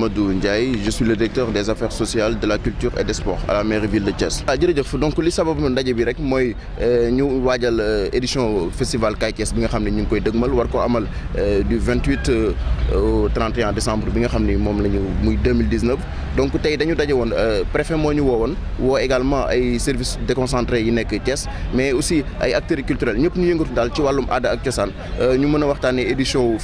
Amadou Ndiaye je suis le directeur des affaires sociales de la culture et des à la ville de Thiès. waaw ah, jërëjëf donc li sababu ndaje bi rek mooy euh, ñu waajal euh, édition festival Kaay Thiès bi nga xam ne ñu ngi koy dëgmal war ko amal euh, du 28 décembre bi nga xam ni moom la ñu muy 2019 donc tey dañu daje woon préfet moo ñu woo woon woo également ay services déconcentrés yi nekk Thiès mais aussi ay acteurs culturels ñëpp ñu yëngatu daal ci wàllum aada ak cosaan ñu mën a waxtaanee édition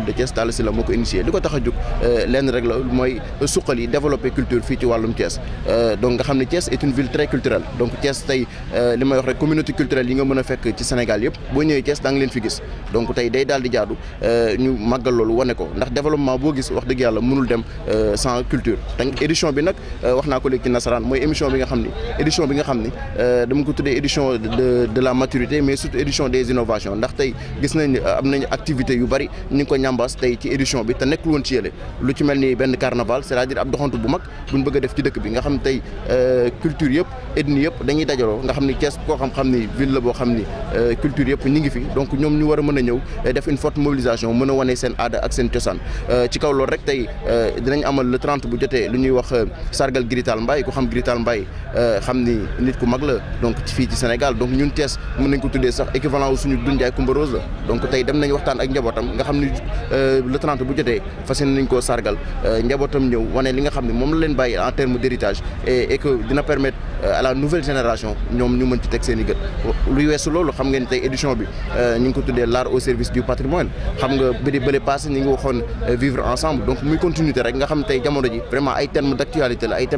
da de Thiès Talla Sylla moo ko initié li ko tax a jóg euh, lenn rek la mooy suqali développer culture fii ci wàllum Thiès euh, donc nga xam ne Thiès est une ville très culturelle donc Thiès tey euh, li may wax rek communauté culturelle yi nga mën a fekk ci Sénégal yëpp boo ñëwee Thiès da leen fi gis donc tey day daal jaadu ñu màggal loolu wane ko ndax développement boo gis wax dëgg yàlla mënul dem sans culture donc édition bi nag wax naa ko léegi ci nasaraan ñambaas tey ci édition bi te nekkul woon ci yële lu ci mel ni benn carnaval c'est-à-dire ab doxantu bu mag buñ bëgg a def ci dëkk bi nga xam tey euh, culture yëpp ethnie yëpp dañuy dajaloo nga xam ni Thiès koo xam-xam ni ville la boo xam ni euh, culture yëpp ñu ngi fi donc ñoom ñu war a mën a ñëw euh, def une forte mobilisation mën a wane seen aada ak seen cosaan ci kaw loolu rek tey dinañ amal le 30 bu jotee lu ñuy wax sargal Grital mbay ku xam Grital Mbaye xam ni nit ku mag la donc fii ci Sénégal donc ñun Thiès mën nañ ko tuddee sax équivalent suñu Doudou Ndiaye Coumba Rose la donc tey dem nañ waxtaan ak njabootam nga xam ni Euh, le 30 bu jotee fas yéene nañ koo sargal euh, njabootam ñëw wane li nga xam ne moom la leen bàyyi en terme d'héritage et que dina permettre Euh, à la nouvelle génération ñoom ñu mën ci teg seen i gët luy weesu loolu xam ngeen tey édition bi euh, ñu ko tuddee l'art au service du patrimoine xam nga bëri bële passé ñu ngi waxoon euh, vivre ensemble donc muy continuité rek nga xam tey jamono ji vraiment ay termes d'actualité la ay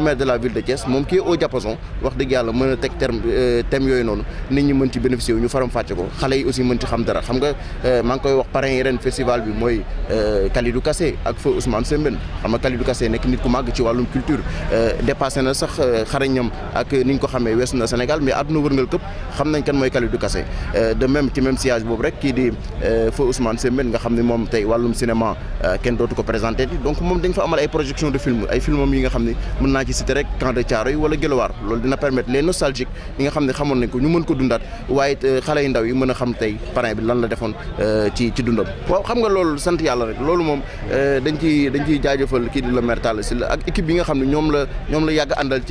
maire de la ville de Thiès moom kii au diapason wax dëgg yàlla mën a teg terme thèmes yooyu noonu nit ñi mën ci ñu faram fàcce ko xale yi aussi mën xam dara xam nga wax parrain yi ren festival bi mooy Kalidou Kassé ak feu Ousmane Sembène xam nga Kalidou Kassé nekk nit ku màgg xarañam ak ni ñu ko xamee weesu na Sénégal mais àdduna wërngal këpp xam nañ kan mooy Kalidou Kassé euh, de même ci même sillage boobu rek kii di euh, feu Ousmane Sembène nga xam ne moom tey wàllum cinéma euh, kenn dootu ko présenté donc moom dañ fa amal ay projection de film ay film yi nga xam ne mën naa ci citer rek Camp de Thiaroye wala Guelwaar loolu dina permettre les nostalgiques yi nga xam ne xamoon nañ ko ñu mën ko dundaat waaye xale yu ndaw yi mën a xam tey parrain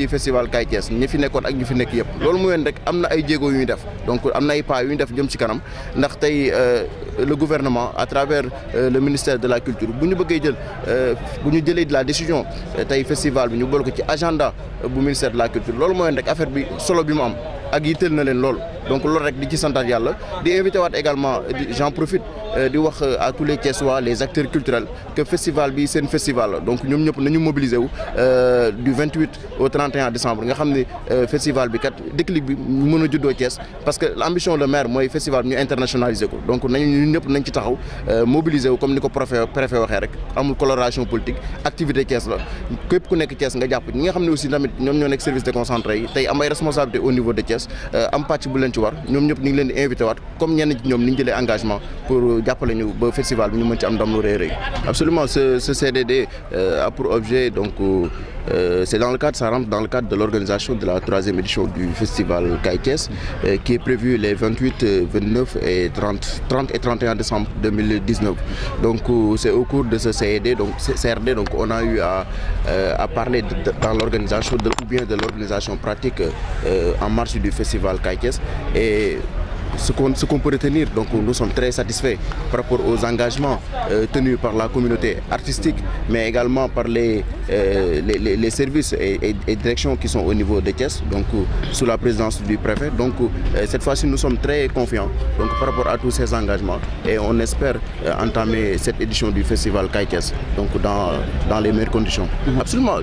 ci festival Kaay Thiès ñi fi nekkoon ak ñu fi nekk yëpp loolu mu ween rek am na ay jéego yu ñu def donc am na ay pas yu ñu def jëm ci kanam ndax tey euh, le gouvernement à travers euh, le ministère de la culture bu ñu bëggee jël euh, bu ñu jëlee de la décision tey festival bi ñu boole ko ci agenda bu ministère de la culture loolu mooy rek affaire bi solo bi mu am ak yitteel na leen loolu donc loolu rek di ci santaat yàlla di invité également j'en profite di wax à tous les Thiessois les acteurs culturels que festival bi seen festival la 31 décembre nga xam ne euh, festival bi kat parce que l'ambition le maire mooy festival bi ñu internationaliser ko donc nañu ñun ñëpp nañ ci taxaw euh, mobiliser wu comme ni ko préfet préfet waxee rek amul coloration politique activité Thiès la képp ku nekk Thiès nga jàpp ñi nga xam ne aussi tamit ñoom ñoo nekk service déconcentré yi tey am responsabilité au niveau de Thiès euh, am pàcc bu leen ci war ñoom ñëpp ñu ngi leen di invité waat comme ñenn ci ñoom ni ñu Euh, c'est dans le cadre, ça rentre dans le cadre de l'organisation de la troisième édition du festival Kaikes, euh, qui est prévu les 28, 29 euh, et 30, 30 et 31 décembre 2019. Donc euh, c'est au cours de ce CED, donc CRD, a eu à, euh, à parler de, de, dans l'organisation pratique euh, en marche du festival Kaikes et ce qu'on ce qu'on peut retenir donc nous sommes très satisfaits par rapport aux engagements euh, tenus par la communauté artistique mais également par les euh, les, les, les services et, et, et, directions qui sont au niveau des Thiès donc euh, sous la présidence du préfet donc euh, cette fois-ci nous sommes très confiants donc par rapport à tous ces engagements et on espère euh, entamer cette édition du festival Kaay donc dans les meilleures conditions mhm. absolument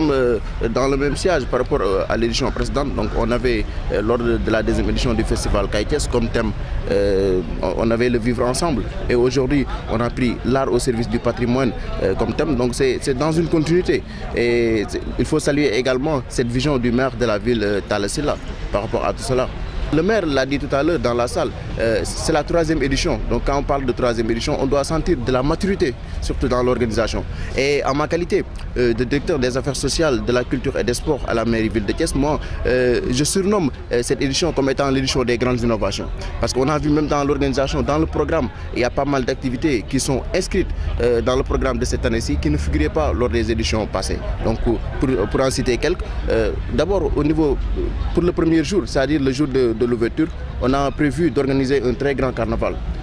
euh, dans le même siège par rapport à l'édition précédente on avait richesse comme thème. Euh, on avait le vivre ensemble. Et aujourd'hui, on a pris l'art au service du patrimoine euh, comme thème. Donc c'est dans une continuité. Et il faut saluer également cette vision du maire de la ville euh, Talasila par rapport à tout cela. Le maire l'a dit tout à l'heure dans la salle, euh, c'est la troisième édition. Donc quand on parle de troisième édition, on doit sentir de la maturité, surtout dans l'organisation. Et en ma qualité euh, de directeur des affaires sociales, de la culture et des sports à la mairie ville de Thiès, euh, je surnomme euh, comme étant l'édition des grandes innovations. Parce qu'on a vu même dans l'organisation, dans le programme, il y a pas mal d'activités qui sont inscrites dans de l'ouverture, on a prévu d'organiser un très grand carnaval.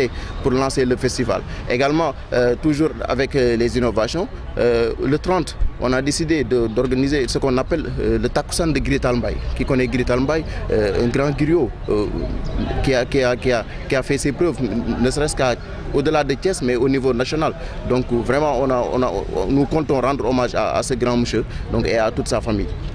profiter pour lancer le festival. Également, euh, toujours avec euh, les innovations, euh, le 30, on a décidé d'organiser ce qu'on appelle euh, le Takusan de Gritalmbay. Qui connaît Gritalmbay euh, Un grand griot qui a, a, qui, a, qui, a, fait ses preuves, ne serait-ce qu'au-delà de Thiès, mais au niveau national. Donc vraiment, on a, on nous comptons rendre hommage à, ce grand monsieur donc, et à toute sa famille.